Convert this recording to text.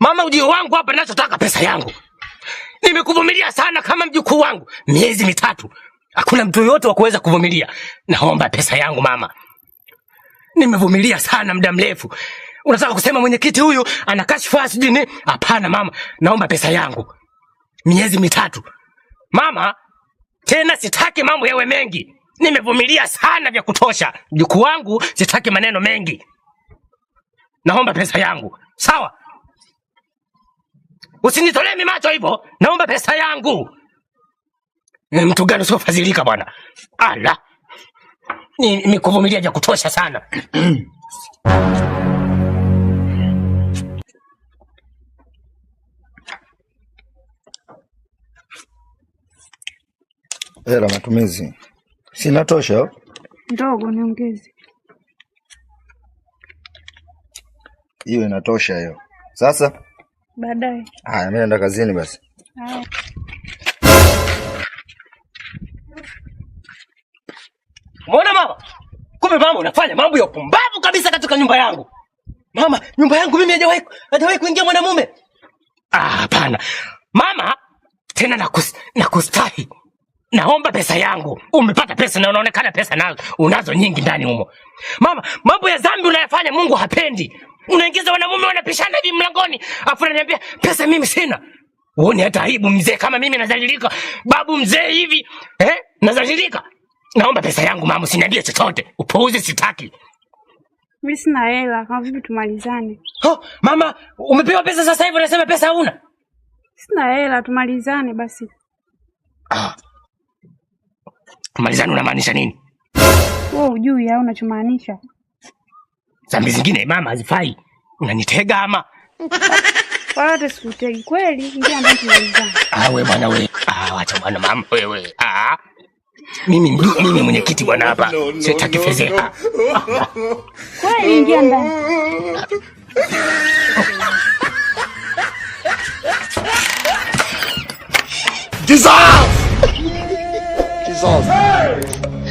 Mama, ujio wangu hapa, ninachotaka pesa yangu. Nimekuvumilia sana kama mjukuu wangu, miezi mitatu, hakuna mtu yoyote wa kuweza kuvumilia. Naomba pesa yangu mama, nimevumilia sana muda mrefu. Unataka kusema mwenyekiti huyu ana kashfa sijui nini? Hapana mama, naomba pesa yangu, miezi mitatu mama. Tena sitaki mambo yawe mengi, nimevumilia sana vya kutosha. Mjukuu wangu, sitaki maneno mengi, naomba pesa yangu, sawa? Usinitolee mimacho hivyo, naomba pesa yangu. Eh, mtu gani usiofadhilika bwana! Ala, nimekuvumilia vya kutosha sana. Hela matumizi sina oh. ndogo niongeze hiyo, inatosha hiyo sasa Baadaye. Haya, mimi naenda kazini basi. Haya. Umeona mama? Kumbe mama unafanya mambo ya upumbavu kabisa katika nyumba yangu. Mama, nyumba yangu mimi hajawahi hajawahi kuingia mwanamume. Ah, hapana. Mama, tena nakus, nakustahi. Naomba pesa yangu. Umepata pesa na unaonekana pesa nazo unazo nyingi ndani humo. Mama, mambo ya dhambi unayafanya Mungu hapendi unaingiza wanamume wanapishana hivi mlangoni, afu unaniambia pesa mimi sina. Uone hata aibu mzee, kama mimi nadhalilika, babu mzee hivi eh? nadhalilika. naomba pesa yangu mama, usiniambie chochote. Upuuzi sitaki mimi, sina hela. Kama vipi tumalizane? Oh, mama umepewa pesa sasa hivi unasema pesa huna? Sina hela, tumalizane basi. Ah, tumalizane unamaanisha nini? Wewe ujui au unachomaanisha? Zambi zingine mama hazifai, unanitega ama wala sikutegi kweli. Ndio ambayo tunaizana. Ah wewe bwana we ah wacha bwana mama wewe, ah mimi mdu mimi mwenyekiti bwana hapa sitaki fedheha kweli. Ingia ndani. Dissolve! Hey!